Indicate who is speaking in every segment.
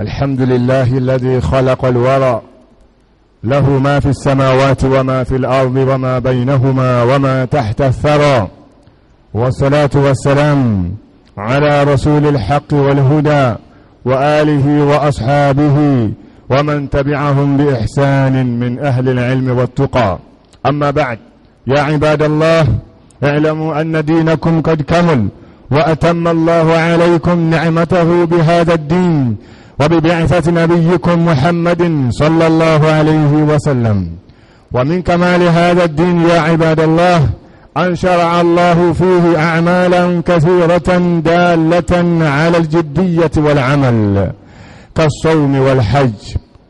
Speaker 1: الحمد لله الذي خلق الورى له ما في السماوات وما في الأرض وما بينهما وما تحت الثرى والصلاة والسلام على رسول الحق والهدى وآله وأصحابه ومن تبعهم بإحسان من أهل العلم والتقى أما بعد يا عباد الله اعلموا أن دينكم قد كمل وأتم الله عليكم نعمته بهذا الدين وببعثة نبيكم محمد صلى الله عليه وسلم ومن كمال هذا الدين يا عباد الله أن شرع الله فيه أعمالا كثيرة دالة على الجدية والعمل كالصوم والحج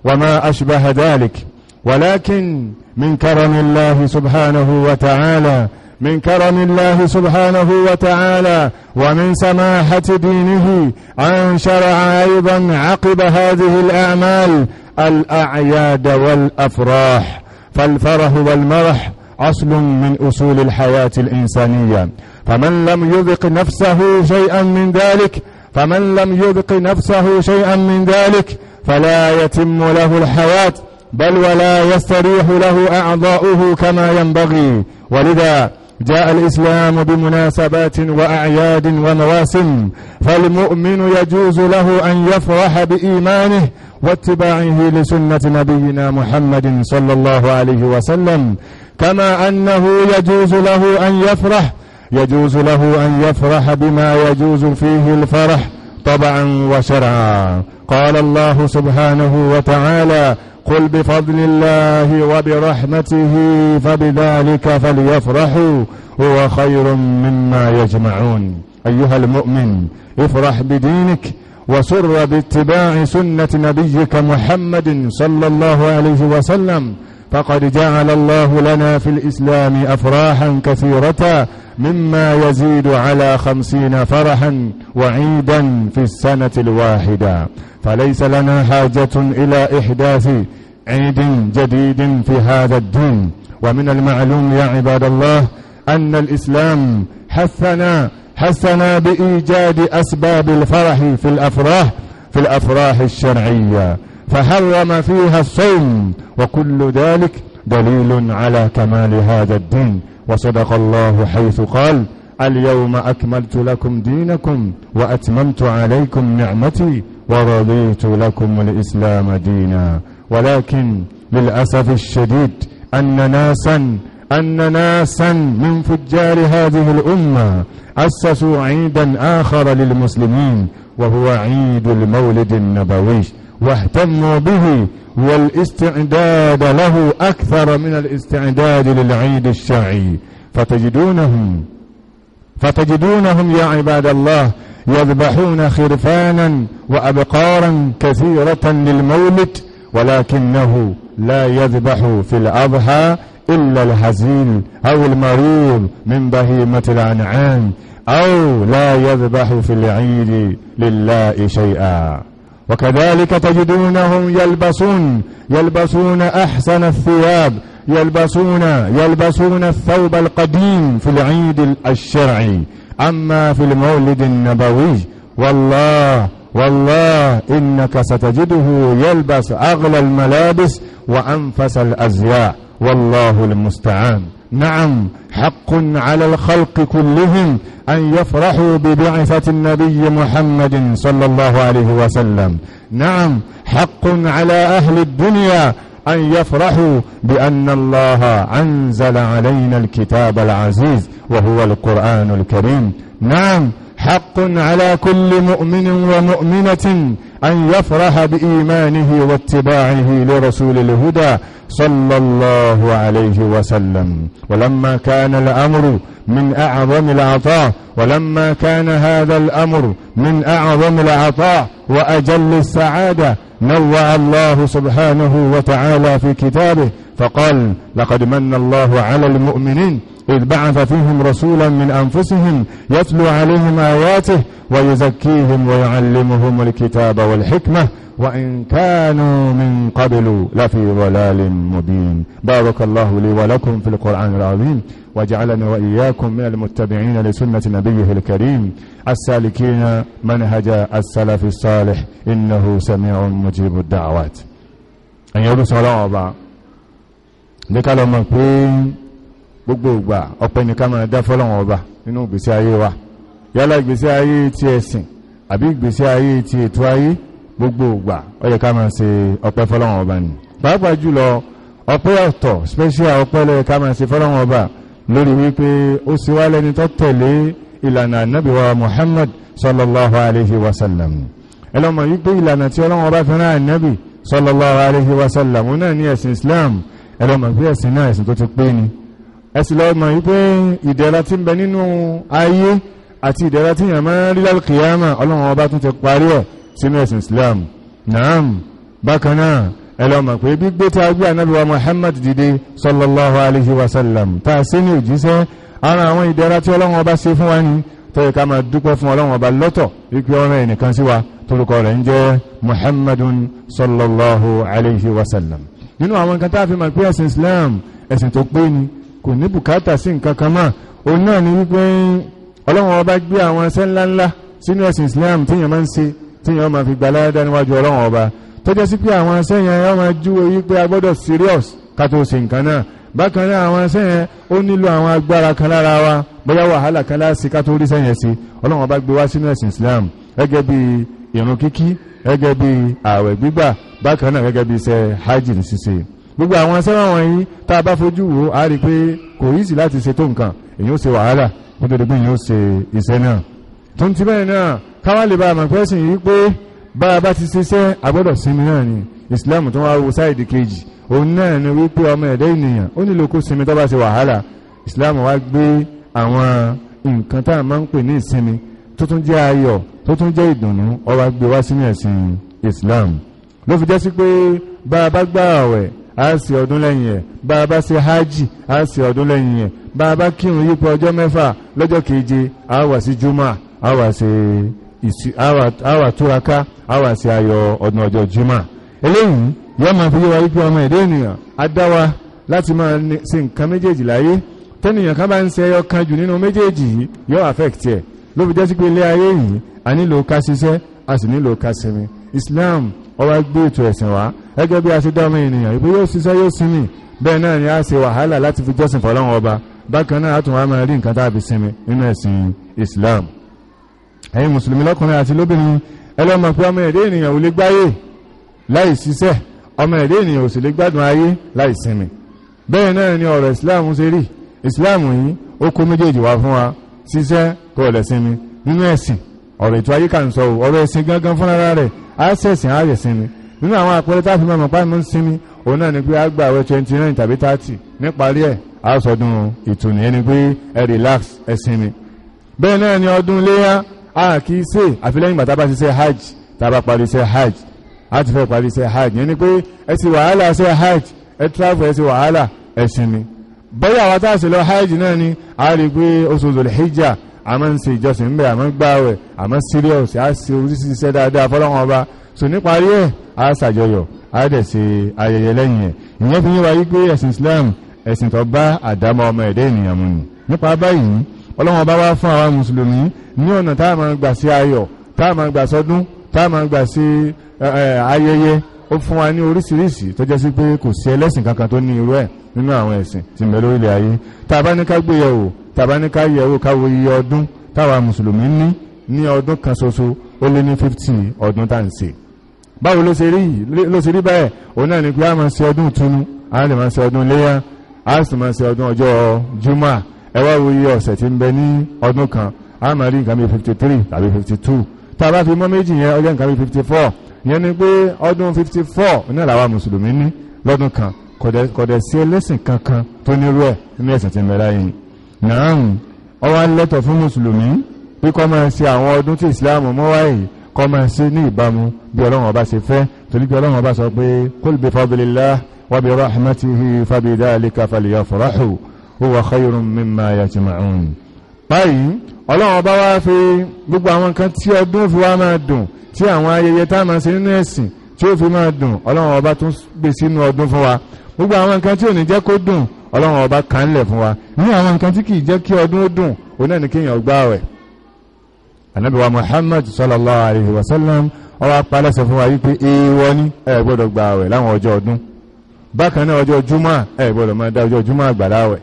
Speaker 1: وما أشبه ذلك ولكن من كرم الله سبحانه وتعالى من كرم الله سبحانه وتعالى ومن سماحة دينه أن شرع أيضا عقب هذه الأعمال الأعياد والأفراح فالفرح والمرح أصل من أصول الحياة الإنسانية فمن لم يذق نفسه شيئا من ذلك فمن لم يذق نفسه شيئا من ذلك فلا يتم له الحياة بل ولا يستريح له أعضاؤه كما ينبغي ولذا جاء الإسلام بمناسبات وأعياد ومواسم فالمؤمن يجوز له أن يفرح بإيمانه واتباعه لسنة نبينا محمد صلى الله عليه وسلم كما أنه يجوز له أن يفرح يجوز له أن يفرح بما يجوز فيه الفرح طبعا وشرعا قال الله سبحانه وتعالى قل بفضل الله وبرحمته فبذلك فليفرحوا هو خير مما يجمعون أيها المؤمن افرح بدينك وسر باتباع سنة نبيك محمد صلى الله عليه وسلم فقد جعل الله لنا في الإسلام أفراحا كثيرة مما يزيد على خمسين فرحا وعيدا في السنة الواحدة فليس لنا حاجة إلى إحداث عيد جديد في هذا الدين ومن المعلوم يا عباد الله أن الإسلام حثنا حثنا بإيجاد أسباب الفرح في الأفراح في الأفراح الشرعية فحرم فيها الصوم وكل ذلك دليل على كمال هذا الدين وصدق الله حيث قال اليوم أكملت لكم دينكم وأتممت عليكم نعمتي ورضيت لكم الإسلام دينا ولكن للأسف الشديد أن ناسا أن ناسا من فجار هذه الأمة أسسوا عيدا آخر للمسلمين وهو عيد المولد النبوي واهتموا به والاستعداد له أكثر من الاستعداد للعيد الشرعي فتجدونهم فتجدونهم يا عباد الله يذبحون خرفانا وأبقارا كثيرة للمولد ولكنه لا يذبح في الأضحى إلا الهزيل أو المريض من بهيمة الأنعام أو لا يذبح في العيد لله شيئا وكذلك تجدونهم يلبسون يلبسون أحسن الثياب يلبسون يلبسون الثوب القديم في العيد الشرعي أما في المولد النبوي والله والله إنك ستجده يلبس أغلى الملابس وأنفس الأزياء والله المستعان نعم حق على الخلق كلهم أن يفرحوا ببعثة النبي محمد صلى الله عليه وسلم نعم حق على أهل الدنيا أن يفرحوا بأن الله أنزل علينا الكتاب العزيز وهو القرآن الكريم نعم حق على كل مؤمن ومؤمنة أن يفرح بإيمانه واتباعه لرسول الهدى صلى الله عليه وسلم ولما كان الأمر من أعظم العطاء ولما كان هذا الأمر من أعظم العطاء وأجل السعادة نوع الله سبحانه وتعالى في كتابه فقال لقد من الله على المؤمنين إذ بعث فيهم رسولا من أنفسهم يتلو عليهم آياته ويزكيهم ويعلمهم الكتاب والحكمة وإن كانوا من قبل لفي ضلال مبين بارك الله لي ولكم في القرآن العظيم وجعلنا وإياكم من المتبعين لسنة نبيه الكريم السالكين منهج السلف الصالح إنه سميع مجيب الدعوات أيها الصلاة والسلام níkàlọ́ mọ̀ pé gbogbo ìgbà ọpẹ́ nìkan máa dá fọ́lọ́wọ́n ọba nínú ìgbésí ayé wa yálà ìgbésí ayé ti ẹ̀sìn àbí ìgbésí ayé ti ètò ayé gbogbo ìgbà ó yẹ ká máa ṣe ọpẹ́ fọ́lọ́wọ́n ọba ni pàápàá jùlọ ọpẹ́ ọ̀tọ̀ special ọpẹ́ lẹ́yẹ ká máa ṣe fọ́lọ́wọ́n ọba lórí wípé ó sì wá lẹ́ni tó tẹ̀lé ìlànà ànábìwá Muhammad sallallahu alayhi wa sallam ẹlọ́mọ yìí pé ìlànà tí ọlọ́wọ́n ọba fẹ́ràn ànábì sallallahu alayhi wa sallam ó náà ní ẹ̀sìn Islam ẹlọ́mọ̀ pé ẹ̀sìn náà ẹ̀sìn tó ti pé ni ẹ̀sìn lọ́mọ̀ wípé ìdẹ̀ra tí ń bẹ nínú ayé àti ìdẹ̀ra tí yàn máa ń rí lálùkìyàmà ọlọ́run ọba tún ti parí ẹ̀ sínú ẹ̀sìn Islam naam bákan náà ẹlọ́mọ̀ pé gbígbé tá a gbé ànábì wa Muhammad dìde sallallahu alayhi wa sallam tá a sí ní òjíṣẹ́ ara àwọn ìdẹ̀ra tí ọlọ́run ọba ṣe fún wa ni tó ká máa dúpẹ́ fún ọlọ́run ọba lọ́tọ̀ wípé ọ̀rẹ́ ẹnìkan sí wa torúkọ rẹ̀ ń jẹ́ Muhammadun sallallahu alayhi wa sallam nínú àwọn nǹkan tá fi mọ̀ pé ẹ̀sìn Islam ẹ̀sìn tó pé ni kò ní bùkátà sí nǹkan kan mọ́ òun náà ni wípé ọlọ́run ọba gbé àwọn ẹsẹ̀ ńláńlá sínú ẹ̀sìn Islam téèyàn máa ń ṣe téèyàn máa fi gbà láyádá níwájú ọlọ́run ọba tó jẹ́ sí pé àwọn ẹsẹ̀ yẹn wọ́n máa júwe wípé a gbọ́dọ̀ serious ká tó ṣe nǹkan náà bákan náà àwọn ẹsẹ̀ yẹn ó nílò àwọn agbára kan lára wa bóyá wàhálà kan láti ká tó rí sẹ́yìn ẹ̀sìn ọlọ́run ọba gbé wá sínú ẹ̀sìn Islam gẹ́gẹ́ bíi ìrun kíkí gẹ́gẹ́ bí ààwẹ̀ gbígbà bákan náà gẹ́gẹ́ bí iṣẹ́ hajj ṣíṣe gbogbo àwọn sẹ́wọ̀n wọ̀nyí tá a bá fojú wo a rí i pé kò yíṣì láti ṣe tó nǹkan èyí ó ṣe wàhálà kó tó di pé ṣe iṣẹ́ náà tó ń ti bẹ́ẹ̀ náà káwá lè ba àmọ̀ pẹ́sìn yìí pé bá a bá ti ṣiṣẹ́ agbọ́dọ̀ sinmi náà ni Islam tó wá wo sáìdì kejì òun náà ni wípé ọmọ ẹ̀dá ènìyàn ó nílò kó sinmi tó bá ṣe wàhálà Islam wá gbé àwọn nǹkan tá a máa ń pè ní ìsinmi tó tún jẹ́ ayọ̀ tó tún jẹ́ ìdùnnú ó gbé wá sínú ẹ̀sìn Islam ló fi jẹ́ sí pé bá a bá gbà àwẹ̀ a sì ọdún lẹ́yìn ẹ̀ bá a bá ṣe hajj a sì ọdún lẹ́yìn ẹ̀ bá a bá kírun yípo ọjọ́ mẹ́fà lọ́jọ́ keje a wà sí juma a wà ṣe a wà túraká a wà ṣe ayọ̀ ọdún ọjọ́ juma eléyìí yóò máa fi yé wa wípé ọmọ èdè ènìyàn á dá wa láti máa ṣe nǹkan méjèèjì láyé tẹ́nìyàn ká bá ń ṣe ẹyọ kan jù nínú méjèèjì yìí yóò affect ẹ̀ ló fi jẹ́sí pé ilé ayé yìí a nílò ká ṣiṣẹ́ a sì nílò ká sinmi Islam ọba gbé ètò ẹ̀sìn wá gẹ́gẹ́ bí a ṣe dá ọmọ ènìyàn ìbí yóò ṣiṣẹ́ yóò sinmi bẹ́ẹ̀ náà ni a ṣe wàhálà láti fi jọ́sìn fọlọ́run ọba bákan náà a tún wá máa rí nǹkan tá a fi sinmi nínú ẹ̀sìn Islam ẹ̀yin mùsùlùmí lọ́kùnrin àti lóbìnrin ẹlọ́mọ pé ọmọ èdè ènìyàn ò lè gbáyé láì ṣiṣẹ́ ọmọ èdè ènìyàn ò sì lè gbádùn ayé láì bẹ́ẹ̀ náà ni ọ̀rọ̀ Islam ṣe rí Islam yìí ó kó méjèèjì wá fún wa ṣiṣẹ́ kó lè sinmi nínú ẹ̀sìn ọ̀rọ̀ ètò ayé kà ń sọ ọ̀rọ̀ ẹ̀sìn gangan fúnra rẹ̀ á ṣẹ̀sìn á yẹ̀ sinmi nínú àwọn àpẹẹrẹ tá a fi máa mọ̀ pa mọ́ sinmi òun náà ni pé á gbà wẹ́ twenty nine tàbí thirty níparí ẹ̀ á sọdún ìtùnú ẹni pé ẹ relax ẹ sinmi bẹ́ẹ̀ náà ni ọdún léyà a kì í ṣe àfilẹ́yìn bàtà bá ṣiṣẹ́ hajj tá a bá parí iṣẹ́ hajj a ti fẹ́ parí iṣẹ́ hajj yẹn ni pé ẹ sì wàhálà iṣẹ́ hajj ẹ travel ẹ sì wàhálà ẹ sinmi bọ́yá àwọn táàṣì lọ hajj náà ni a rí pé oṣù zulhijja a máa ń ṣe ìjọsìn ń bẹ a máa ń gbààwẹ̀ serious a ṣe oríṣiríṣi iṣẹ́ dáadáa fọ́lọ́wọ́n ọba so níparí ẹ̀ a ṣàjọyọ̀ a dẹ̀ ṣe ayẹyẹ lẹ́yìn ẹ̀ ìyẹn fi yín wáyé pé ẹ̀sìn Islam ẹ̀sìn tó bá àdámọ́ ọmọ ẹ̀dá ènìyàn mu ni nípa báyìí ọlọ́wọ́n ọba wá fún àwa mùsùlùmí ní ọ̀nà tá a máa gbà sí ayọ̀ tá a máa gbà sọdún tá a máa gbà sí ayẹyẹ ó fún wa ní oríṣiríṣi tó jẹ́ sí pé kò sí ẹlẹ́sìn kankan tó ní irú ẹ̀ nínú àwọn ẹ̀sìn tí mẹ́lò ilẹ̀ ayé tàbáníká gbéyẹ̀wò tàbáníká yẹ̀wò káwo iye ọdún táwa mùsùlùmí ní ní ọdún kan ṣoṣo ó lé ní 50 ọdún tá ń ṣe báwo ló ṣe rí ló ṣe rí báyẹ̀ òun náà ni pé a máa ṣe ọdún ìtúnú a lè máa ṣe ọdún iléyá a sì máa ṣe ọdún ọjọ́ juma ẹ wá wo iye ọ̀sẹ̀ tí ń bẹ ní ọdún kan a máa rí nǹkan bí 53 tàbí 52 tá a bá fi mọ́ méjì yẹn ọjọ́ nǹkan bí 54 yẹn ni pé ọdún 54 náà làwa mùsùlùmí ní lọ́dún kan kọ̀dẹ̀ sí ẹlẹ́sìn kankan tó nírú ẹ̀ nínú ẹ̀sìn tí ń bẹ láyé yìí náà ó wá lẹ́tọ̀ fún mùsùlùmí bí kọ́ máa ṣe àwọn ọdún tí ìsìláàmù mú wáyé kọ́ máa ṣe ní ìbámu bí ọlọ́run ọba ṣe fẹ́ torí bí ọlọ́run ọba sọ pé kul bi fadlillah wa bi rahmatihi fa bi dhalika falyafrahu huwa khayrun mimma tí ó fi máa dùn ọlọ́run ọba tún gbé sínú ọdún fún wa gbogbo àwọn nǹkan tí ò ní jẹ́ kó dùn ọlọ́run ọba kan lẹ̀ fún wa ní àwọn nǹkan tí kì í jẹ́ kí ọdún ó dùn ó náà ní kéèyàn wa muhammad sallallahu alayhi wa sallam ọwọ́ apalẹ́sẹ̀ fún wa wípé èèwọ̀ ni ẹ gbọ́dọ̀ gbààwẹ̀ láwọn ọjọ́ ọdún bákan náà ọjọ́ Juma ẹ gbọ́dọ̀ máa da ọjọ́ júmọ́ àgbàláwẹ̀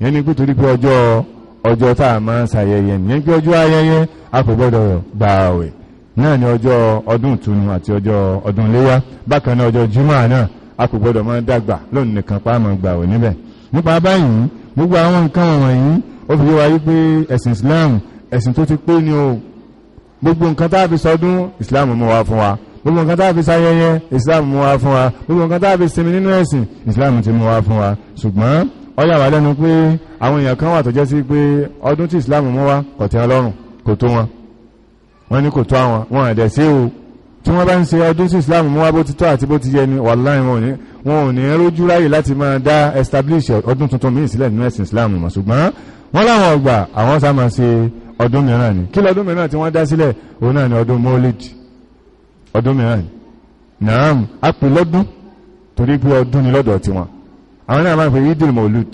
Speaker 1: yẹn ni pítorí pé ọjọ́ ọjọ́ tá a máa ń ṣayẹyẹ yẹn pé ọjọ́ ayẹyẹ a kò gbọ́dọ̀ gbààwẹ̀ náà ni ọjọ́ ọdún ìtùnú àti ọjọ́ ọdún bákan náà ọjọ́ a kò gbọdọ̀ máa dàgbà lónìí nìkan pa àmọ́ gbà ò níbẹ̀ nípa báyìí gbogbo àwọn nǹkan wọ̀nyí ó fi yé wa wípé ẹ̀sìn Islam ẹ̀sìn tó ti pé ni o gbogbo nǹkan tá a fi sọdún Islam mú wa fún wa gbogbo nǹkan tá a fi sayẹyẹ Islam mú wa fún wa gbogbo nǹkan tá a fi sinmi nínú ẹ̀sìn Islam ti mú wa fún wa ṣùgbọ́n ó yà wá lẹ́nu pé àwọn èèyàn kan wà tó jẹ́ sí pé ọdún tí Islam mú wa kò Ọlọ́run kò tó wọn wọ́n ní kò tó àwọn wọn àdẹ̀ o tí wọ́n bá ń ṣe ọdún sí islam mú wá bó ti tọ́ àti bó ti yẹ ni wàláì wọn ò ní rójú ráyè láti máa dá establish ọdún tuntun míì sílẹ̀ nínú ẹ̀sìn islam mọ̀ ṣùgbọ́n wọ́n láwọn ọgbà àwọn sá máa ṣe ọdún mìíràn ni kí lọ́dún mìíràn tí wọ́n dá sílẹ̀ òun náà ni ọdún mọ́lid ọdún mìíràn ni naam a pè lọ́dún torí pé ọdún ni lọ́dọ̀ tiwọn àwọn náà máa ń pè idil mọ́lud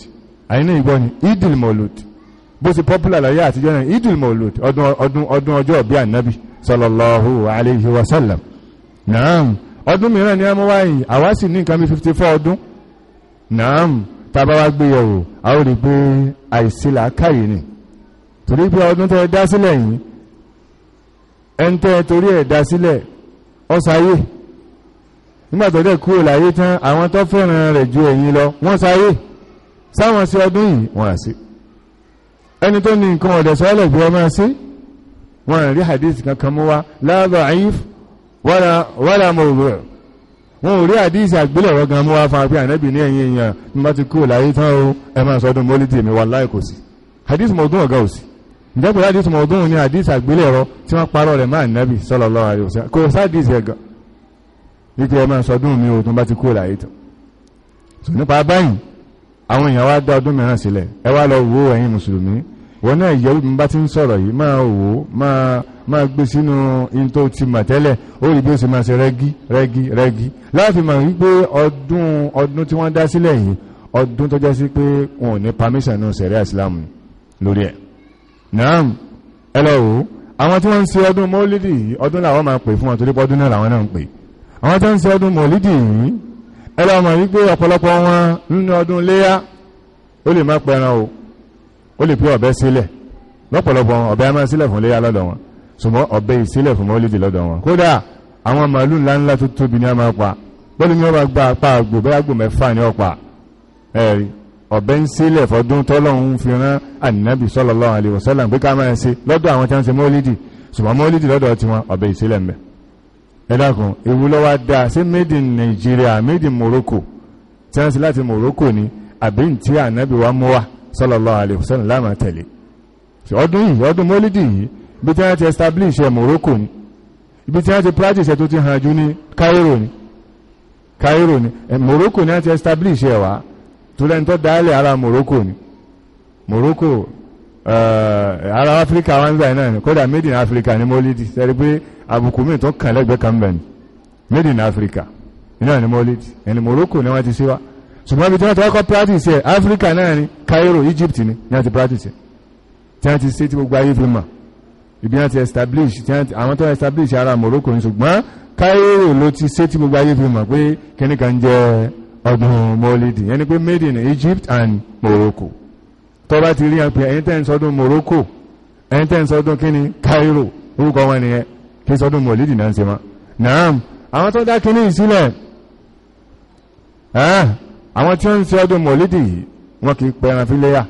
Speaker 1: àyínà ìgbọ́ ni idil mọ́lud bó ṣe popular láyé àtijọ́ náà idil mọ́lud ọdún ọjọ́ ọ̀bí ànábì sallallahu alayhi wa sallam naam ọdún mìíràn ni a mú wáyìí àwa sì ní nǹkan bí 54 ọdún naam tàbá wá gbé yẹ̀wò a ó rí pé àìsílà káyè ni torí pé ọdún tẹ́ dá sílẹ̀ yìí ẹn tẹ́ torí ẹ̀ dá sílẹ̀ ọsáyé nígbà dẹ̀ kúrò láyé tán àwọn tó fẹ́ràn rẹ̀ ju ẹ̀yìn lọ wọ́n sáyé sáwọn sí ọdún yìí wọ́n á sí ẹni tó ní nǹkan ọ̀dẹ̀ sọ́ọ́lẹ̀ bí ọmọ sí wọn rí hadith kankan mú wá la da'if wala mawdu' wọn ò rí hadith àgbélẹ̀rọ gan mú wá fún apẹ́ ànẹ́bì ní ẹ̀yìn èèyàn ní bá ti kú láyé tán o ẹ máa sọdún mólídì mi wallahi kò sí hadith mawdu' ọ̀gá òsì ìjẹ́pẹ̀ hadith mawdu' ní hadith àgbélẹ̀rọ tí wọ́n parọ́ rẹ̀ máa nẹ́bì sallallahu alaihi wasallam kò sí wọn náà yẹ̀wò bí mo bá ti ń sọ̀rọ̀ yìí máa wò ó máa máa gbé sínú in tó ti mọ̀ tẹ́lẹ̀ ó rí bí ó sì máa ṣe rẹ́gí rẹ́gí rẹ́gí láti mọ̀ wípé ọdún ọdún tí wọ́n dá sílẹ̀ yìí ọdún tó jẹ́ sí pé wọn ò ní permission nù sẹ̀rí àsìlámù lórí ẹ̀ náà ẹ lọ wò ó àwọn tí wọ́n ń ṣe ọdún mọ́lídì yìí ọdún làwọn máa pè fún wọn torí pọ́dún náà làwọn náà ń pè àwọn tí wọ́n ń ṣe ọdún mọ́lídì yìí ẹ lọ mọ̀ wípé ọ̀pọ̀lọpọ̀ wọn nínú ọdún léyà ó lè má pẹran o ó lè pé ọ̀bẹ sílẹ̀ lọ́pọ̀lọpọ̀ ọ̀bẹ máa sílẹ̀ fún léyà lọ́dọ̀ wọn ṣùgbọ́n ọ̀bẹ ìsílẹ̀ fún mọ́lídì lọ́dọ̀ wọn kódà àwọn màálù ńláńlá tó tóbi ní a máa pa bọ́lú ni wọ́n bá gba apá àgbò bá gbò mẹ́fà ní ọ̀pá ẹ̀rí ọ̀bẹ ń sílẹ̀ fọdún tọ́lọ́hún fi rán ànínábì sallallahu alaihi wasallam pé ká máa ṣe lọ́dọ̀ àwọn tí wọ́n ṣe mọ́lídì ṣùgbọ́n mọ́lídì lọ́dọ̀ tiwọn ọ̀bẹ ìsílẹ̀ ń made in Nigeria made in Morocco tí wọ́n Morocco ni àbí ntí ànábì wa sallallahu alaihi wasallam láàmà tẹ̀lé ọdún yìí ọdún mọ́lídì yìí ibi tí wọ́n ti establish ẹ̀ Morocco ni ibi tí wọ́n ti practice ẹ̀ tó ti hàn jù ní Cairo ni Cairo ni ẹ̀ Morocco ni wọ́n ti establish ẹ̀ wá tó lẹ́ni tó dálẹ̀ ara Morocco ni Morocco eh, ara Africa wọn gbà náà ni kódà made in Africa ni mọ́lídì sẹ́rí pé àbùkù mi tó kàn lẹ́gbẹ̀ẹ́ kan ni made in Africa iná ni mọ́lídì ẹni Morocco ni wọ́n ti ṣe ṣùgbọ́n ibi tí wọ́n ti kọ́kọ́ practice ẹ̀ Africa náà ni Cairo Egypt ni ni wọ́n practice ẹ̀ tí wọ́n ti ṣe ti gbogbo ayé fi mọ̀ ibi wọ́n ti establish tí wọ́n ti àwọn tó establish ara Morocco ni ṣùgbọ́n Cairo ló ti ṣe ti gbogbo ayé fi mọ̀ pé kíní kan jẹ́ ọdún mọ́lídì yẹn pé made in Egypt and Morocco tó bá ti rí ẹ pé ẹ̀yin tẹ́ ń sọdún Morocco ẹ̀yin tẹ́ ń sọdún kíní Cairo orúkọ wọn nìyẹn kí sọdún mọ́lídì náà ń ṣe mọ́ naam àwọn tó dá kíní ìsílẹ̀ àwọn tí wọ́n ń ṣe ọdún mọ̀lídì yìí wọ́n kì í pẹ ẹran fíléyà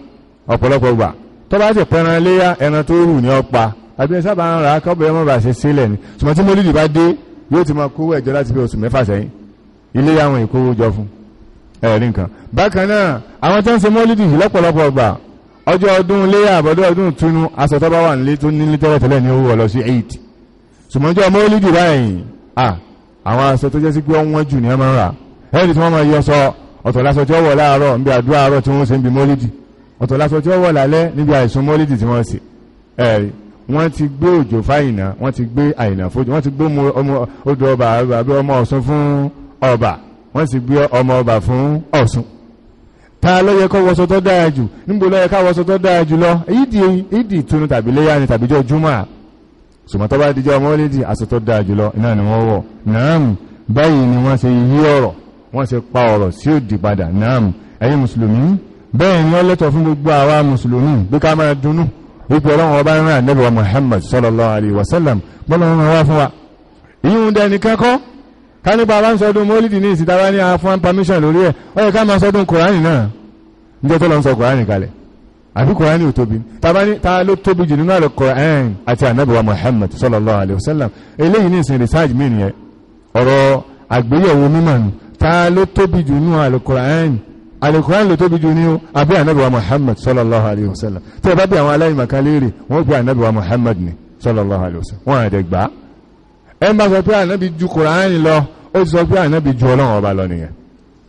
Speaker 1: ọ̀pọ̀lọpọ̀ gbà tó bá sì pẹ ẹran léyà ẹran tó hù ní ọ̀pá àbí sábà ń ra kọ́bẹ̀ ọmọ bàṣẹ sílẹ̀ ni ṣùgbọ́n tí mọ̀lídì bá dé yóò ti máa kówó ẹ̀jọ́ láti bí oṣù mẹ́fà sẹ́yìn ilé àwọn ìkówó jọ fún ẹ̀rí nǹkan bákan náà àwọn tó ń ṣe mọ̀lídì yìí lọ́pọ̀lọpọ̀ gbà ọjọ́ ọdún léyà àbọ̀dọ́ ọdún túnú aṣọ tó bá wà nílé tó nílé tẹ́lẹ̀tẹ́lẹ̀ ní owó ọlọ́sí 8 ṣùgbọ́n ọjọ́ mọ̀lídì báyìí àwọn aṣọ tó jẹ́ sí pé wọ́n jù ní ọmọ rà ẹ̀rí tí wọ́n máa yọ sọ ọ̀tọ̀ lásọ tí ó wọ̀ láàárọ̀ níbi àdúrà àárọ̀ tí wọ́n ṣe ń bi mọ́lídì ọ̀tọ̀ lásọ tí ó wọ̀ lálẹ́ níbi àìsùn mọ́lídì tí wọ́n ṣe ẹ̀rí wọ́n ti gbé òjò fáyìnà wọ́n ti gbé àyìnà fojò wọ́n ti gbé odò ọba àbí ọmọ ọ̀ṣun fún ọba wọ́n sì gbé ọmọ ọba fún ọ̀ṣun ta ló yẹ kó wọṣọ tó dáa jù níbo ló yẹ ká wọṣọ tó dáa jù lọ ìdí ìdí ìtúnu tàbí léyà ni tàbí jọ júmọ́ ṣùgbọ́n tó bá dijọ́ ọmọ lédi aṣọ tó dáa jù lọ iná ni wọ́n wọ̀ náà báyìí ni wọ́n ṣe yí ọ̀rọ̀ wọ́n se pa ọ̀rọ̀ sí òdì padà náà ẹ̀yin mùsùlùmí bẹ́ẹ̀ ni ó lẹ́tọ̀ fún gbogbo àwa mùsùlùmí bí ká máa dunú wípé ọlọ́run ọba rán ànábì wa Muhammad sallallahu alaihi wasallam bọ́lá wọn wá fún wa ìyún dẹni kẹ́kọ́ ká nípa bá ń sọdún mólídì ní ìsìta bá ní afọ́n permission lórí ẹ̀ ó yẹ ká máa sọdún kùránì náà níjẹ́ tó lọ ń sọ kùránì kalẹ̀ àbí kùránì ò tóbi ta ló tóbi jù nínú àlọ́ kùránì àti ànábì wa Muhammad sallallahu alaihi wasallam eléyìí ní ìsìn research mi nìyẹn ọ̀rọ̀ àgbéyẹ̀wò ta ló tóbi jù nínú alukur'an alukur'an ló tóbi jù ní o àbí anabiwa muhammad sallallahu alayhi wa sallam tí a bá bí àwọn aláìmọ̀ká léèrè wọ́n pe anabiwa muhammad ni sallallahu alayhi wa sallam wọ́n àdẹ gbà á ẹ ń bá sọ pé anabi ju kur'an lọ ó sọ pé anabi ju ọlọ́run ọba lọ nìyẹn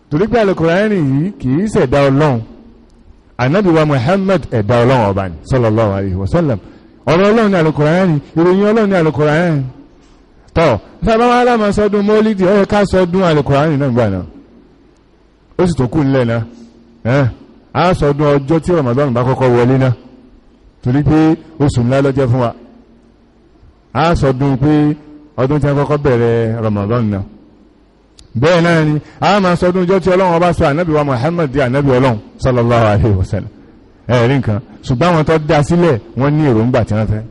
Speaker 1: torí pé alukur'an yìí kì í ṣẹ̀dá ọlọ́run anabiwa muhammad ẹ̀dá ọlọ́run ọba ni sallallahu alayhi wa sallam ọ̀rọ̀ ọlọ́run ni alukur'an ìròyìn ọlọ́run ni alukur'an tọ́ sábà wọn aláma sọdún mọ́lídì ọ̀yẹ́ ká sọdún alukùránì náà gbà náà ó sì tó kù ńlẹ̀ náà ẹ́ á sọdún ọjọ́ tí Ramadan bá kọ́kọ́ wọlé náà torí pé oṣù ńlá lọ́jọ́ fún wa á sọdún pé ọdún tí a kọ́kọ́ bẹ̀rẹ̀ Ramadan náà bẹ́ẹ̀ náà ni a máa sọdún ọjọ́ tí Ọlọ́run ọba sọ ànábì wa Muhammad di ànábì Ọlọ́run sallallahu alaihi wasallam ẹ̀rí nǹkan ṣùgbọ́n àwọn tó dá sílẹ̀ wọ́n ní èròǹgbà tí wọ́n fẹ́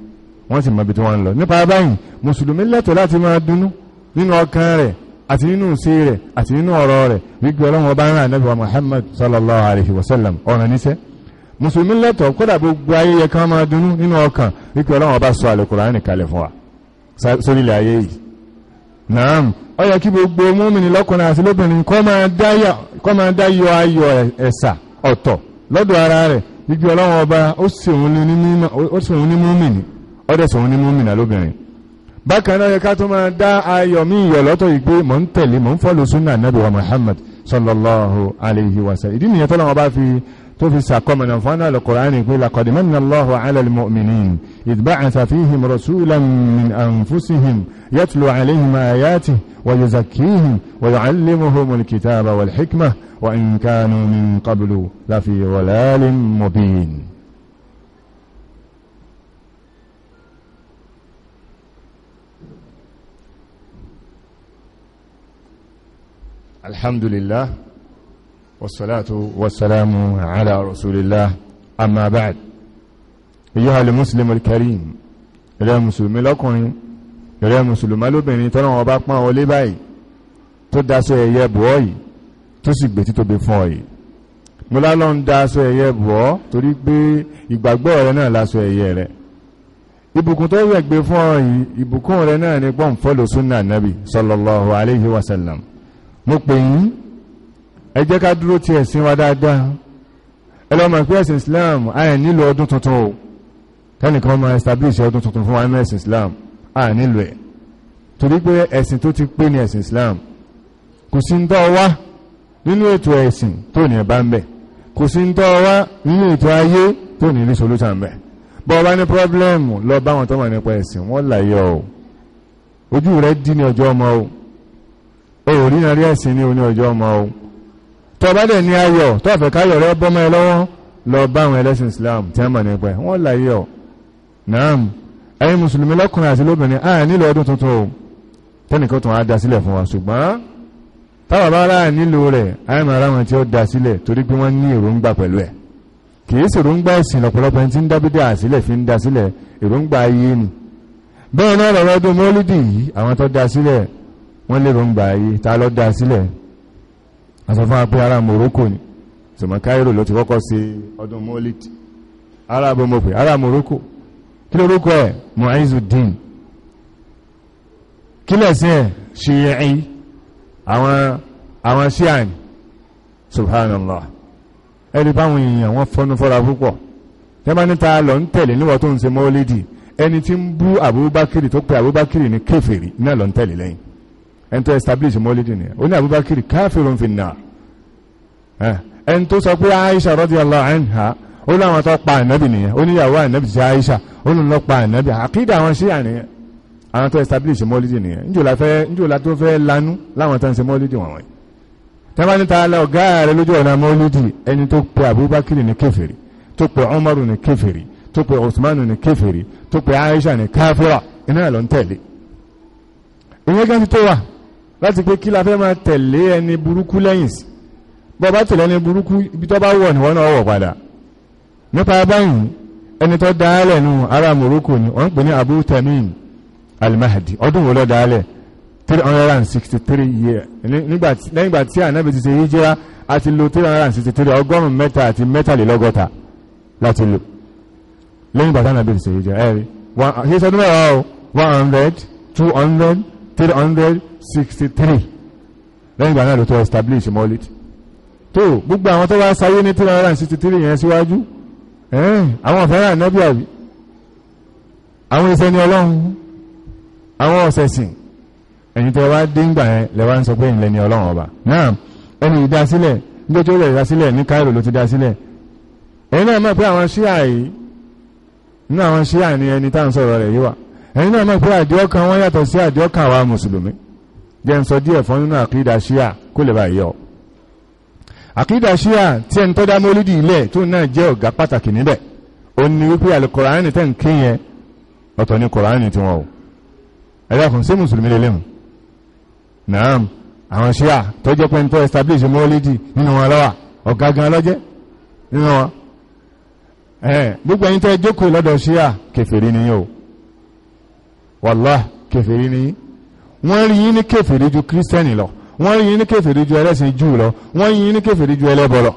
Speaker 1: wọ́n sì mọ̀bí tí wọ́n ń lọ nípa báyìí mùsùlùmí lẹ́tọ̀ láti máa dúnú nínú ọkàn rẹ̀ àti nínú ìṣe rẹ̀ àti nínú ọ̀rọ̀ rẹ̀ wípé ọlọ́run ọba ń rán wa Muhammad sallallahu alayhi wa sallam ọ̀ràn níṣẹ́ mùsùlùmí lẹ́tọ̀ kódà gbogbo ayẹyẹ kan máa dúnú nínú ọkàn wípé ọlọ́run ọba sọ àlùkùránì kalẹ̀ fún wa sórílẹ̀ ayé yìí naam ó yẹ kí gbogbo múmìnì lọ́kùnrin àti lóbìnrin kọ́ máa dá yọ ayọ̀ ẹ̀sà ọ̀tọ̀ lọ́dọ̀ ara rẹ̀ wípé ọlọ́run ọba ó sì òun ní múmìnì ọdẹ sọ̀rọ̀ ní múmìnà lóbìnrin bákan náà yẹ ká tó máa dá ayọ̀ mí ìyọ̀ lọ́tọ̀ yìí pé mò ń tẹ̀lé mò ń fọ́lù súnà nàbì wa Muhammad sallallahu alayhi wa sallam ìdí nìyẹn tọ́lọ́wọ́n bá fi tó fi sàkọ́mọ̀nà fún àná al-Qur'ani pé laqad manna Allahu ala al-mu'minin alhamdulillah wasalatu wasalamu ala rasulillah amma ba'd ayyuha almuslimu alkarim ìrẹ́ mùsùlùmí lọ́kùnrin ìrẹ́ mùsùlùmá lóbìnrin tọ́nà wọn bá pọ́n olé báyìí tó dáṣọ ẹ̀yẹ bùọ́ yìí tó sì gbé títóbi fún ọ yìí mo lálọ́ ń dáṣọ ẹ̀yẹ bùọ́ torí pé ìgbàgbọ́ rẹ náà láṣọ ẹ̀yẹ rẹ ìbùkún tó yẹ gbé fún ọ yìí ìbùkún rẹ náà ni pọ́ǹfọ́lù súnà nàbì sallallahu alayhi wa sallam mo pè yín ẹ jẹ́ ká dúró ti ẹ̀sìn wa dáadáa ẹ lọ́ọ́ mọ̀ pé ẹ̀sìn Islam àyẹ̀ nílò ọdún tuntun o kẹ́nìkan máa establish ọdún tuntun fún wa ní ẹ̀sìn Islam àyẹ̀ nílò ẹ̀ torí pé ẹ̀sìn tó ti pé ní ẹ̀sìn Islam kò sí ń tọ́ wá nínú ètò ẹ̀sìn tó ní ẹ̀bá ń bẹ̀ kò sí ń tọ́ wá nínú ètò ayé tó ní ní solúta ń bẹ̀ bọ́ bá ní pọ́blẹ́mù lọ báwọn tó wà nípa ẹ̀sìn wọ́n láyọ̀ ojú rẹ̀ dí ní ọjọ́ ọmọ o òòrí náà rí ẹ̀sìn ní oní ọjọ́ ọmọ o tọ́ bá dẹ̀ ní ayọ̀ tó àfẹ́ káyọ̀ rẹ bọ́mọ ẹ lọ́wọ́ lọ bá àwọn ẹlẹ́sìn Islam tí a mọ̀ nípa ẹ̀ wọ́n láyé ọ̀ náà ẹ̀yin mùsùlùmí lọ́kùnrin àti lóbìnrin a nílò ọdún tuntun o tẹ́nìkan tún á da sílẹ̀ fún wa ṣùgbọ́n táwọn bá rà nílò rẹ̀ a máa ra wọn tí ó da sílẹ̀ torí pé wọ́n ní èròǹgbà pẹ̀lú ẹ̀ kì í sì èròǹgbà ẹ̀sìn lọ́pọ̀lọpọ̀ ẹni tí ń dábídé àsílẹ̀ fi ń da sílẹ̀ èròǹgbà ayé ni bẹ́ẹ̀ náà lọ́rọ́ ọdún mọ́lídì yìí àwọn tó da sílẹ̀ wọ́n lè rọ̀ǹgbà ayé ta lọ dá sílẹ̀ asọ̀fún apẹ́ ara Morocco ni sọmọ Cairo ló ti kọ́kọ́ sí ọdún molit ara abomope ara Morocco kí ló rúkọ ẹ̀ Mu'izzuddin kí lẹ̀sìn ẹ̀ ṣíyẹ̀ẹ́ àwọn àwọn ṣíàn subhanallah ẹni báwọn èèyàn wọ́n fọ́nú fọ́ra púpọ̀ tẹ́mà níta lọ ń tẹ̀lé níwọ̀ tó ń ṣe mọ́lídì ẹni tí ń bú Abubakar tó pe Abubakar ní kèfèrí náà lọ ń tẹ̀lé lẹ́yìn ẹni tó establish mọ́lídì ni ó ní Abubakar káfírun fi nà ẹni tó sọ pé Aisha radiyallahu anha ó láwọn tó pa ànábì nìyẹn ó níyàwó ànábì sí Aisha ó ní lọ pa ànábì àkídà àwọn sí àníyàn àwọn tó establish mọ́lídì nìyẹn níjòlá tó fẹ́ lanú láwọn tó ń ṣe mọ́lídì wọ̀nyí tẹ́wọ́n ní tààlà ọ̀gá rẹ̀ lójú ọ̀nà mọ́lídì ẹni tó pe Abubakar ní kèfèrí tó pe Umaru ní kèfèrí tó pe Usmanu ní kèfèrí tó pe Aisha ní káfíra iná ẹ̀ ìyẹn gẹ́gẹ́ tó wà láti pé kí la fẹ́ máa tẹ̀lé ẹni burúkú lẹ́yìn sí bọ́ bá tẹ̀lé ẹni burúkú ibi tó bá wọ̀ ní wọ́n náà wọ̀ padà nípa báyìí ẹni tó dáálẹ̀ nù ará Morocco ni wọ́n ń pè ní Abu Tamim al-Mahdi ọdún wo lọ dáálẹ̀ 363 years lẹ́yìn ìgbà tí ànábì ti ṣe hijira a ti lo 363 ọgọ́rùn-ún mẹ́ta àti mẹ́tàlélọ́gọ́ta láti lò lẹ́yìn ìgbà tí ànábì ti ṣe hijira ẹ̀rí 100 200 three hundred sixty three lẹ́yìn ìgbà náà ló tó establish mọ́lìtì tó gbogbo àwọn tó wá sáyé ní three hundred and sixty three yẹn síwájú àwọn fẹ́ràn ànábì àbí àwọn iṣẹ́ ní ọlọ́run àwọn ọ̀sẹ̀sìn ẹ̀yìn tẹ́ wá dé ńgbà yẹn lẹ́wà ń sọ pé ìlẹ̀ ní ọlọ́run ọba náà ẹni ìdásílẹ̀ nígbà tó rẹ̀ ìdásílẹ̀ ní Cairo ló ti dásílẹ̀ ẹ̀yìn náà mọ̀ pé àwọn ṣíà yìí ní àwọn ṣíà ni ẹni tá à ń sọ̀rọ̀ rẹ̀ yìí wà ẹ̀yin náà mọ̀ pé àdìọ́kàn wọn yàtọ̀ sí àdìọ́kàn àwa mùsùlùmí jẹ́ ń sọ díẹ̀ fún nínú àkídà ṣíà kó lè bá yọ àkídà ṣíà tí ẹni tọ́dá mólídì ilẹ̀ tó náà jẹ́ ọ̀gá pàtàkì níbẹ̀ ó ní wípé àlùkùránì tẹ́ ń ké yẹn ọ̀tọ̀ ní kùránì tí wọn o ẹ̀dàkùn sí mùsùlùmí lélẹ́hùn náà àwọn ṣíà tó pé ń tọ́ establish mólídì nínú wọn lọ́wà ọ̀gá gan lọ́jẹ́ nínú wọn gbogbo ẹ̀yin tẹ́ jókòó lọ́dọ̀ ṣíà kèfèrí wàlá kèfèrí ni wọ́n rí yín ní kèfèrí ju kírísítẹ́nì lọ wọ́n rí yín ní kèfèrí ju ẹlẹ́sìn jù lọ wọ́n rí yín ní kèfèrí ju ẹlẹ́bọ lọ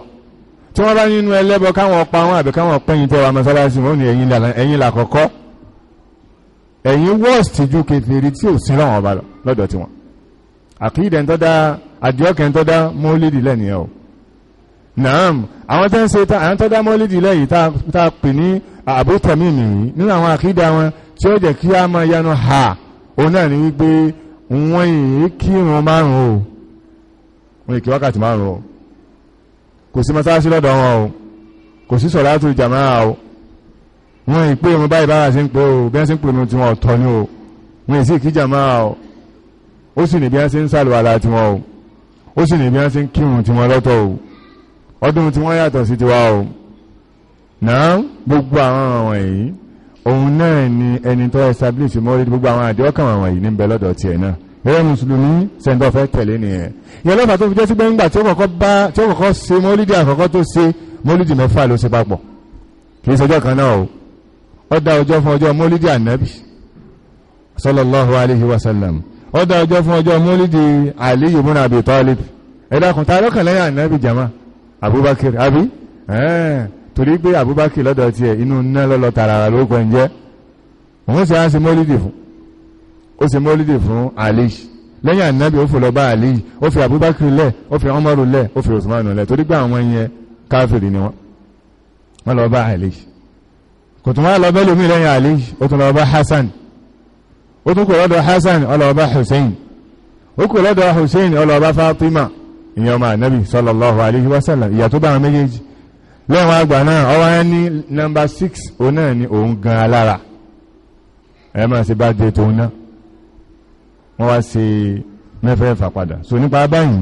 Speaker 1: tí wọ́n bá nínú ẹlẹ́bọ káwọn pa wọn àbí káwọn pẹ́yìn tẹ́wàá mọ́sálásí wọn ni ẹ̀yin làkọ́kọ́ ẹ̀yin worst ju kèfèrí tí ò sí lọ́wọ́n ọba lọ́dọ̀ tiwọn àkídẹ̀ tó dá àdíọ́kẹ́ tó dá mọ́lídì lẹ́nìyàn o naam àwọn tó ń ṣe àwọn tó dá mọ́lídì lẹ́yìn tá a pè ní àbótẹ́mìmì nínú àwọn àkídà wọn tí ó jẹ́ kí a máa yanu ha òun náà ni wípé wọ́n yìí kírun márùn-ún o wọ́n yìí kí wákàtí márùn-ún o kò sí mọ́sáàsì lọ́dọ̀ wọn o kò sí sọ̀látù jàmáà o wọ́n yìí pé wọn báyìí bára ṣe ń pè o bí wọ́n ṣe ń pè nu tiwọn ọ̀tọ̀ ni o wọ́n yìí sì kí jàmáà o ó sì ní bí wọ́n ṣe ń sàlùwàlà tiwọn o ó sì ní bí wọ́n ṣe ń kírun tiwọn lọ́tọ̀ o ọdún tiwọn yàtọ̀ sí tiwa o náà gbogbo àwọn àwọn yìí òun náà ni ẹni tó establish mọ́rí gbogbo àwọn àjọ kan àwọn yìí ní bẹ lọ́dọ̀ tiẹ̀ náà eré mùsùlùmí sẹ́ńdọ̀ fẹ́ tẹ̀lé nìyẹn ìyẹn lọ́fà tó fi jẹ́ sí pé ńgbà tí ó kọ́kọ́ se mọ́lídì àkọ́kọ́ tó ṣe mọ́lídì mẹ́fà ló ṣe papọ̀ kì í ṣọjọ́ kan náà o ó dá ọjọ́ fún ọjọ́ mọ́lídì ànábì sallallahu alayhi wa sallam ó dá ọjọ́ fún ọjọ́ mọ́lídì Ali ibn Abi Talib ẹ̀dá kan tá a lọ́kàn lẹ́yìn ànábì jama Abubakar abi ẹ̀ẹ́ torí pé Abubakar lọ́dọ̀ tiẹ̀ inú ná lọ́lọ́ tààrà ló pẹ̀ ń jẹ́ òun sì á ṣe mọ́lídì fún ó ṣe mọ́lídì fún Ali lẹ́yìn ànábì ó fò lọ bá Ali ó fi Abubakar lẹ̀ ó fi Umaru lẹ̀ ó fi Usmanu lẹ̀ torí pé àwọn yẹn káfìrì ni wọ́n wọ́n lọ bá Ali kò tún wá lọ bẹ́ẹ̀ lómi lẹ́yìn Ali ó tún lọ bá Hasan ó tún kò lọ́dọ̀ Hasan ó lọ bá Hussein ó kò lọ́dọ̀ Hussein ó lọ bá Fatima ìyẹn ọmọ ànábì sallallahu alaihi wasallam ìyà tó lẹ́wọ̀n àgbà náà ọwọ́ yẹn ní nọmba 6 òun náà ni òun gan alára ẹ máa ṣe bá dé tòun náà wọ́n wá ṣe mẹ́fẹ́ẹ̀fà padà so nípa báyìí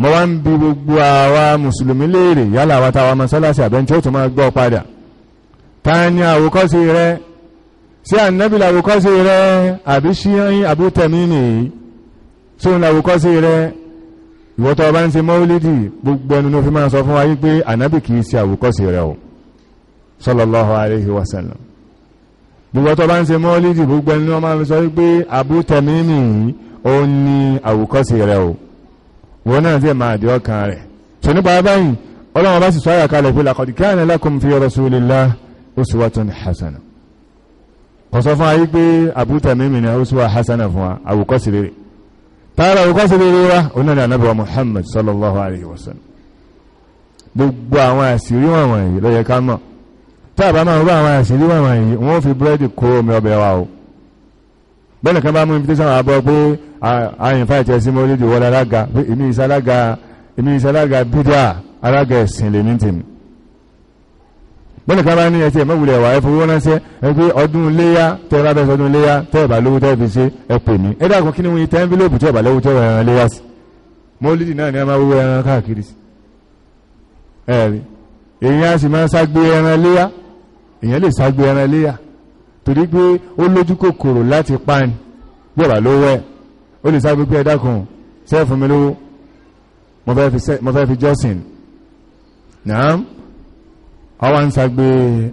Speaker 1: mo wá ń bi gbogbo àwa mùsùlùmí léèrè yálà àwa táwa mọ́sálásí àbẹ́ntí ó tún máa gbọ́ padà ta ni àwòkọ́sí rẹ sí ànábì làwòkọ́sí rẹ àbí ṣíyán àbí nìyí sóun làwòkọ́sí rẹ ìwọ́tọ̀ ọba ń ṣe mọ́wúlídì gbogbo ẹnu ní o fi máa sọ fún wa yí pé ànábì kìí ṣe àwòkọ́sí rẹ̀ o sallallahu alaihi wasallam gbogbo ọtọ́ bá ń ṣe mọ́lídì gbogbo ẹni wọ́n máa fi sọ wípé àbútẹ̀mímì ó ní àwòkọ́sí rẹ̀ o wọ́n náà sì máa dé ọkàn rẹ̀ tó nípa báyìí ọlọ́wọ́n bá sì sọ àyàkalẹ̀ pé laqad tààrà òkọ́ sí rere wá onáni anábíwa Muhammad sallallahu alayhi wa sallam gbogbo àwọn àṣírí wọ̀nwọ̀n yìí ló yẹ ká mọ̀ tààbà máa rú àwọn àṣírí wọ̀nwọ̀n yìí wọ́n fi búrẹ́dì kó omi ọbẹ̀ wa o bẹ́ẹ̀ kan bá mú invitation àbọ̀ pé àyìnfà ìtẹ́ sí mọ́ lédè wọlé alága èmi ìsalága bídà alága ẹ̀sìn lè ní tèmi bọ́lẹ̀ kan bá ní ẹsẹ̀ mẹ́wulẹ̀ wà ẹ fowó ránṣẹ́ ẹ pé ọdún léyà tẹ́ ẹ bá fẹ́ sọdún léyà tẹ́ ẹ bá lówó tẹ́ ẹ fi ṣe ẹ pè mí kí ni wọ́n tẹ́ ẹ́ńfílọ́pù tẹ́ ẹ bá lówó tẹ́ ẹ ràn léyà sí mọ́lídì náà ni a máa wúwo ẹran káàkiri sí ẹ̀rí èèyàn á sì máa ságbé ẹran léyà èèyàn lè ságbé ẹran léyà torí pé ó lójú kòkòrò láti pani bí ẹ bá lówó ẹ ó lè ságbé pé ẹ dákun sẹ́ẹ̀fù mi lówó mo fẹ́ fi jọ́sìn náà ọwọ́ ń sàgbé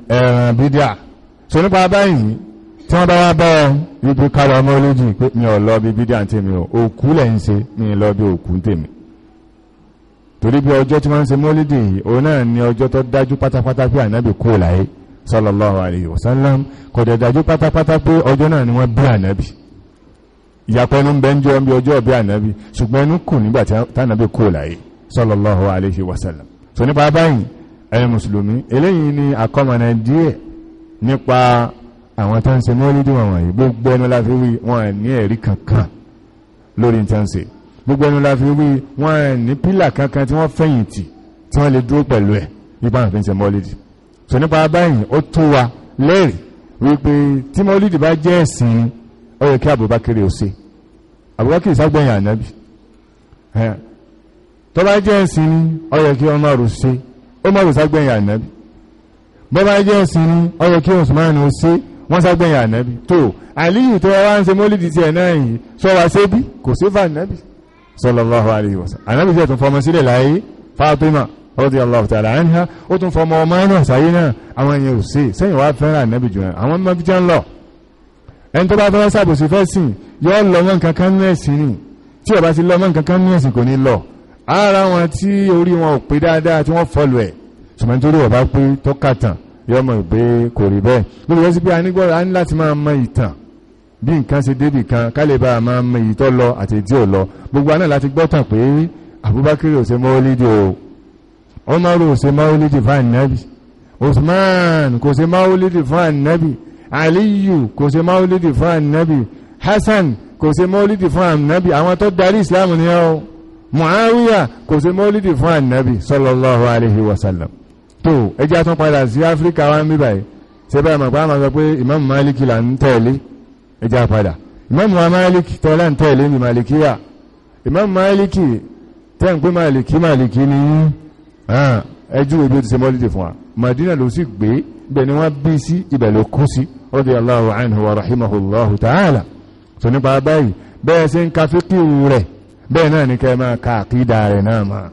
Speaker 1: ẹ̀ràn bídíà so nípa báyìí tí wọ́n bá wá bọ́ ibi kálọ̀ ọmọ olójì pé mi ò lọ bí bídíà tèmi o òkú lẹ̀ ń ṣe mi lọ bí òkú tèmi torí bí ọjọ́ tí wọ́n ń ṣe mọ́lídì yìí òun náà ni ọjọ́ tó dájú pátápátá pé ànábì kú láyé sallallahu alayhi wa sallam kò dẹ̀ dájú pátápátá pé ọjọ́ náà ni wọ́n bí ànábì ìyàpẹnu ń bẹ ń jọ bí ọjọ́ bí ànábì ṣùgbọ́n ẹnu kù nígbà tí ànábì kú láyé sallallahu alayhi wa sallam nípa báyìí ẹ̀yin mùsùlùmí eléyìí ni àkọmọ̀nà díẹ̀ nípa àwọn tó ń ṣe mọ́lídì wọn wọ̀nyí gbogbo ẹnu la fi wí wọn ní ẹ̀rí kankan lórí tó ń ṣe gbogbo ẹnu la fi wí wọn ní pílà kankan tí wọ́n fẹ̀yìntì tí wọ́n lè dúró pẹ̀lú ẹ̀ nípa àwọn tó ń ṣe mọ́lídì so nípa báyìí jẹ́ ẹ̀sìn ó yẹ kí ṣe ó mọ̀ ìságbẹ̀yìn ànẹ́bí bọ́bá jẹ́ ẹ̀sìn ní ọyọ kí Usman ó sí wọ́n ságbẹ̀yìn ànẹ́bí tó àlíyù tó wá ń ṣe mólìdì ti ẹ̀nà yìí sọ wá kò sí fà ànẹ́bí sallallahu alaihi wasallam ànẹ́bí jẹ́ tún fọmọ sílẹ̀ láyé Fatima radiyallahu ta'ala anha ó tún fọmọ ọmọ náà sáyé náà àwọn èèyàn ò sí sẹ́yìn wá fẹ́ràn ànẹ́bí jù àwọn ọmọ bíjọ́ ń lọ ẹni tó bá fẹ́ràn sàbòsí fẹ́ sìn yọ lọ ni tí ara wọn tí orí wọn ò pé dáadáa tí wọ́n fọlù ẹ̀ ṣùgbọ́n torí ọ̀bá pé tó kàtàn yọmọ ìgbé kò rí bẹ́ẹ̀ lórí wọ́n sí pé a nígbọ́ra a ní láti máa mọ ìtàn bí nǹkan ṣe débì kan kálẹ̀ bá a máa mọ èyí tó lọ àti èyí tí ò lọ gbogbo aná láti gbọ́tàn pé Abubakar ò ṣe mọ́wọ́lídì o Umaru ò ṣe mọ́wọ́lídì fún ànábì Usman kò ṣe mọ́wọ́lídì fún ànábì Aliyu kò ṣe mọ́wọ́lídì fún ànábì Hasan kò ṣe mọ́wọ́lídì fún ànábì àwọn tó darí Islam ni ọ́ Muawiya kò ṣe mọ́lídì fún ànábì sallallahu alaihi wasallam tó ẹjá tún padà sí áfíríkà wá ń bí báyìí ṣe bá ẹmọ̀ pàmà sọ pé Imam Malik là ń tẹ̀lé ẹjá padà Imam wa Malik tọ́lá ń tẹ̀lé ní Malikiya Imam Malik tẹ́ ń pé Maliki Maliki ni ẹjú ebi ti ṣe mọ́lídì fún wa Madina ló sì gbé ibẹ̀ ni sí ń ka fíkì rẹ̀ bẹ́ẹ̀ náà ni kẹ́ máa ka àkídà rẹ̀ náà máa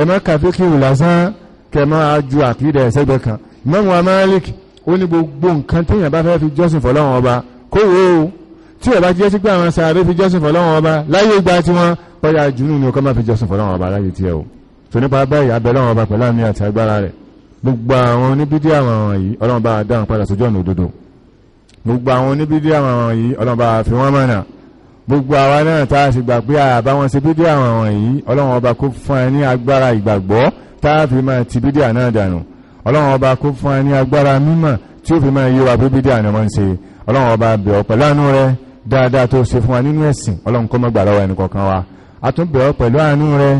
Speaker 1: ẹ má ka fíkìrù lásán kẹ́ máa ju àkídà ẹ̀sẹ́gbẹ́ kan mọ́mú amálík ó ní gbogbo nǹkan téèyàn bá fẹ́ fi jọ́sìn fọlọ́wọ́n ọba kówó o tí ẹ̀ bá jẹ́ sí pé àwọn fi jọ́sìn fọlọ́wọ́n ọba láyé ìgbà tí bọ́yá jùlù ni ọkọ́ máa fi jọ́sìn fọlọ́wọ́n ọba láyé tiẹ̀ o tó nípa báyìí abẹ́lọ́wọ́n ọba pẹ̀lú àmì àti agbára rẹ̀ gbogbo àwọn oníbídí àwọn àwọn yìí ọlọ́run bá dáhùn padà sójú ọ̀nà òdodo gbogbo àwọn oníbídí àwọn àwọn yìí ọlọ́run bá fi wọ́n mọ̀nà gbogbo àwa náà tá a sì gbà pé àbá wọn ṣe bídíà àwọn yìí ọlọ́run ọba kó fún ẹ ní agbára ìgbàgbọ́ tá a fi máa ti bídíà náà dànù ọlọ́run ọba kó fún ẹ ní agbára mímọ̀ tí ó fi máa yé pé bídíà náà wọ́n ń ṣe ọlọ́run ọba bẹ̀ ọ́ pẹ̀lú àánú rẹ dáadáa tó ṣe fún wa nínú ẹ̀sìn ọlọ́run kó má lọ́wọ́ ẹnì kọ̀ọ̀kan wa a tún bẹ̀ ọ́ pẹ̀lú àánú rẹ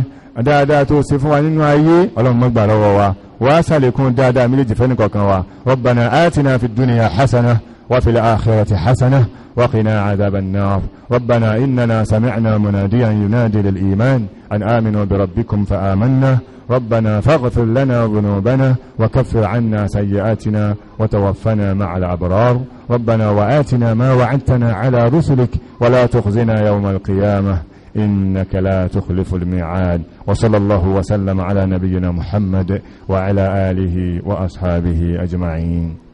Speaker 1: dáadáa tó ṣe fún wa nínú ayé ọlọ́run má lọ́wọ́ wa wàá dáadáa méjèèjì fẹ́nì kọ̀ọ̀kan wa rabbana atina fid dunya hasana وفي الآخرة حسنة وقنا عذاب النار ربنا إننا سمعنا مناديا ينادي للإيمان أن آمنوا بربكم فآمنا ربنا فاغفر لنا ذنوبنا وكفر عنا سيئاتنا وتوفنا مع الأبرار ربنا وآتنا ما وعدتنا على رسلك ولا تخزنا يوم القيامة إنك لا تخلف الميعاد وصلى الله وسلم على نبينا محمد وعلى آله وأصحابه أجمعين